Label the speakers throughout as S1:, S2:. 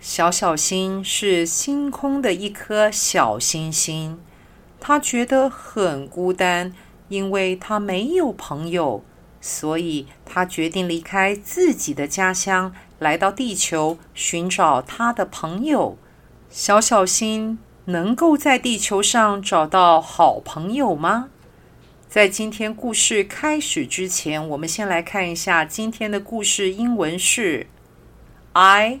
S1: 小小星是星空的一顆小星星，他覺得很孤單，因為他沒有朋友，所以他決定離開自己的家鄉，來到地球尋找他的朋友。小小星能夠在地球上找到好朋友嗎？在今天故事開始之前，我們先來看一下今天的故事英文是：I。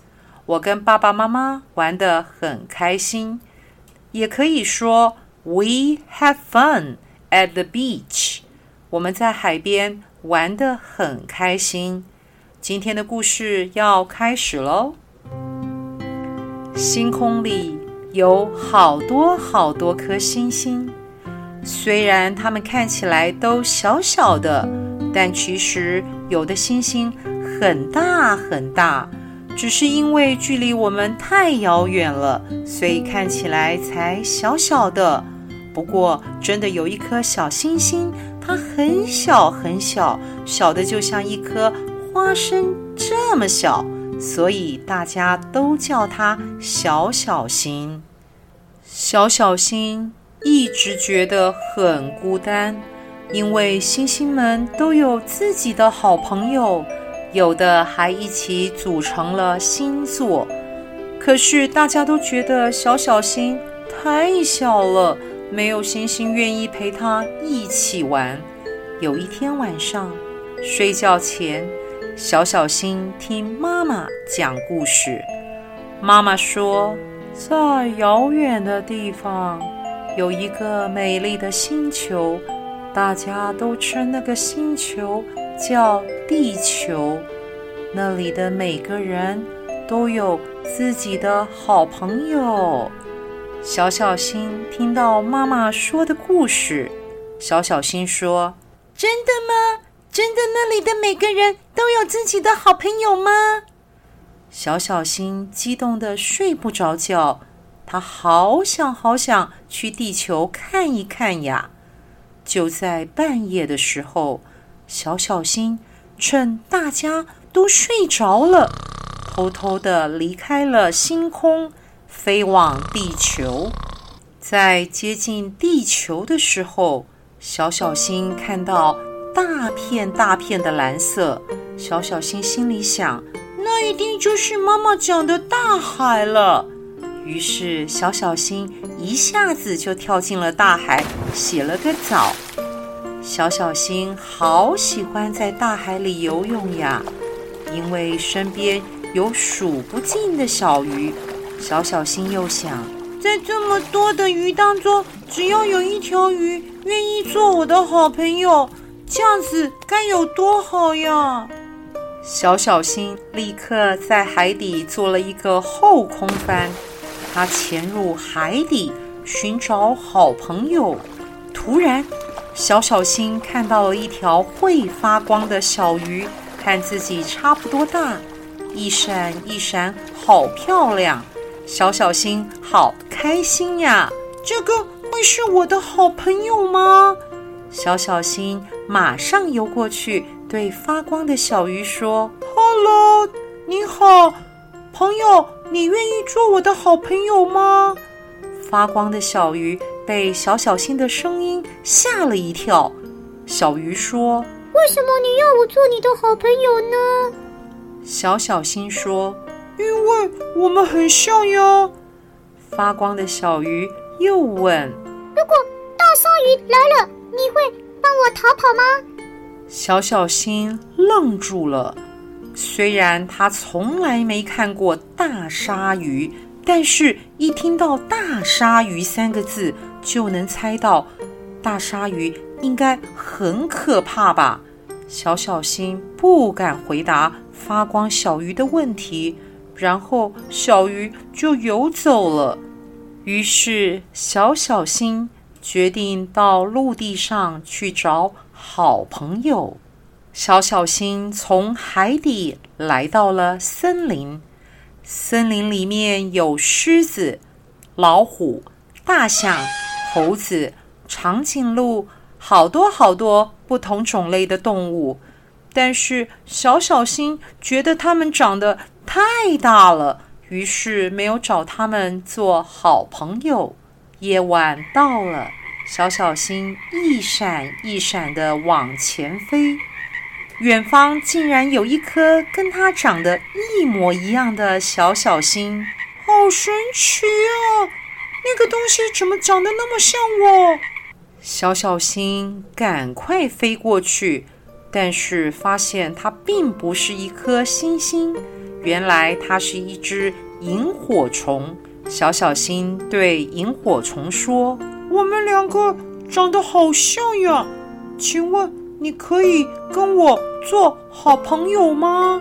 S1: 我跟爸爸媽媽玩得很開心，也可以說 "We have fun at the beach。"我們在海邊玩得很開心。今天的故事要開始嘍。星空裡有好多好多顆星星，雖然它們看起來都小小的，但其實有的星星很大很大。只是因為距離我們太遙遠了，所以看起來才小小的。不過，真的有一顆小星星，它很小很小，小的就像一顆花生這麼小，所以大家都叫它小小星。小小星一直覺得很孤單，因為星星們都有自己的好朋友。有的還一起組成了星座，可是大家都覺得小小星太小了，沒有星星願意陪他一起玩。有一天晚上睡覺前，小小星聽媽媽講故事。媽媽說，在遙遠的地方有一個美麗的星球，大家都稱那個星球。叫地球，那裡的每個人都有自己的好朋友。小小星聽到媽媽說的故事，小小星說：“真的嗎？真的，那裡的每個人都有自己的好朋友嗎？”小小星激動得睡不着覺，他好想好想去地球看一看呀！就在半夜的時候。小小星趁大家都睡着了，偷偷的離開了星空，飛往地球。在接近地球的時候，小小星看到大片大片的藍色，小小星心裡想：“那一定就是媽媽講的大海了。”於是，小小星一下子就跳進了大海，洗了個澡。小小星好喜歡在大海裡游泳呀，因為身邊有數不盡的小魚。小小星又想，在這麼多的魚當中，只要有一條魚願意做我的好朋友，這樣子該有多好呀！小小星立刻在海底做了一個後空翻，他潛入海底尋找好朋友。突然。小小星看到了一條會發光的小魚，看自己差不多大，一閃一閃，好漂亮！小小星好開心呀！這個會是我的好朋友嗎？小小星馬上游過去，對發光的小魚說：“Hello，你好，朋友，你願意做我的好朋友嗎？”發光的小魚。被小小星的聲音嚇了一跳，小魚說：“為什麼你要我做你的好朋友呢？”小小星說：“因為我們很像呀。”發光的小魚又問：“如果大鯊魚來了，你會幫我逃跑嗎？”小小星愣住了，雖然他從來沒看過大鯊魚。但是，一聽到“大鯊魚”三個字，就能猜到，大鯊魚應該很可怕吧？小小星不敢回答發光小魚的問題，然後小魚就游走了。於是，小小星決定到陸地上去找好朋友。小小星從海底來到了森林。森林裡面有獅子、老虎、大象、猴子、長頸鹿，好多好多不同種類的動物。但是小小星覺得它們長得太大了，於是沒有找它們做好朋友。夜晚到了，小小星一閃一閃地往前飛。遠方竟然有一顆跟它長得一模一樣的小小星，好神奇啊！那個東西怎麼長得那麼像我？小小星趕快飛過去，但是發現它並不是一顆星星，原來它是一隻螢火蟲。小小星對螢火蟲說：“我們兩個長得好像呀，請問，”你可以跟我做好朋友嗎？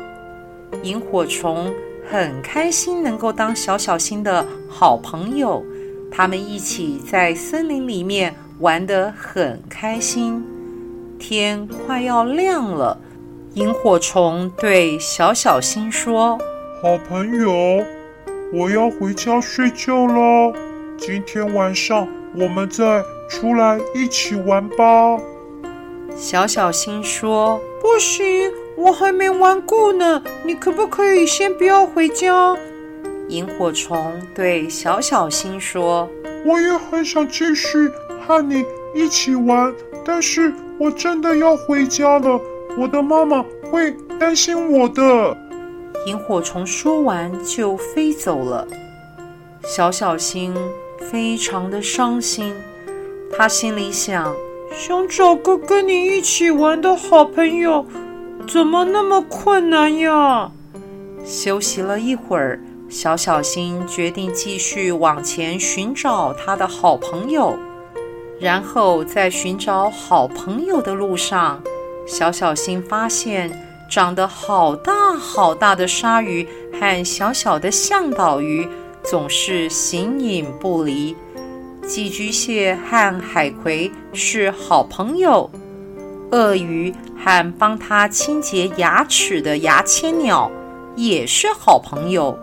S1: 螢火蟲很開心能夠當小小星的好朋友，他們一起在森林裡面玩得很開心。天快要亮了，螢火蟲對小小星說：“好朋友，我要回家睡覺了。今天晚上我們再出來一起玩吧。”小小星說：“不行，我還沒玩夠呢，你可不可以先不要回家？”螢火蟲對小小星說：“我也很想繼續和你一起玩，但是我真的要回家了，我的媽媽會擔心我的。”螢火蟲說完就飛走了，小小星非常的傷心，他心裡想。想找個跟你一起玩的好朋友，怎麼那麼困難呀？休息了一會兒，小小星決定繼續往前尋找他的好朋友。然後在尋找好朋友的路上，小小星發現長得好大好大的鯊魚和小小的向導魚總是形影不離。寄居蟹和海葵是好朋友，鱷魚和幫它清潔牙齒的牙籤鳥也是好朋友。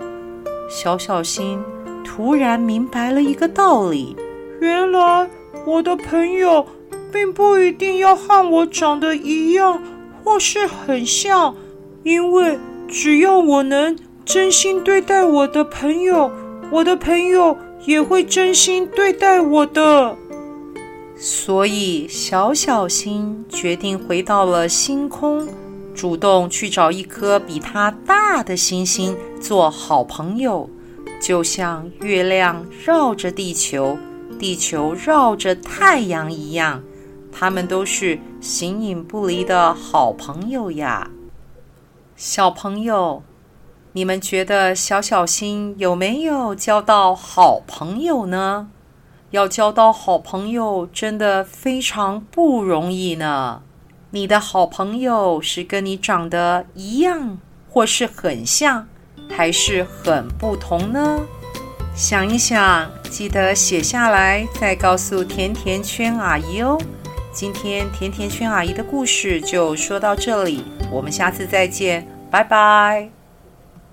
S1: 小小星突然明白了一個道理：原來我的朋友並不一定要和我長得一樣或是很像，因為只要我能真心對待我的朋友，我的朋友。也會真心對待我的，所以小小星決定回到了星空，主動去找一顆比它大的星星做好朋友，就像月亮繞着地球，地球繞着太陽一樣，他們都是形影不離的好朋友呀，小朋友。你們覺得小小星有沒有交到好朋友呢？要交到好朋友真的非常不容易呢。你的好朋友是跟你長得一樣或是很像，還是很不同呢？想一想，記得寫下來，再告訴甜甜圈阿姨哦。今天甜甜圈阿姨的故事就說到這裡，我們下次再見，拜拜。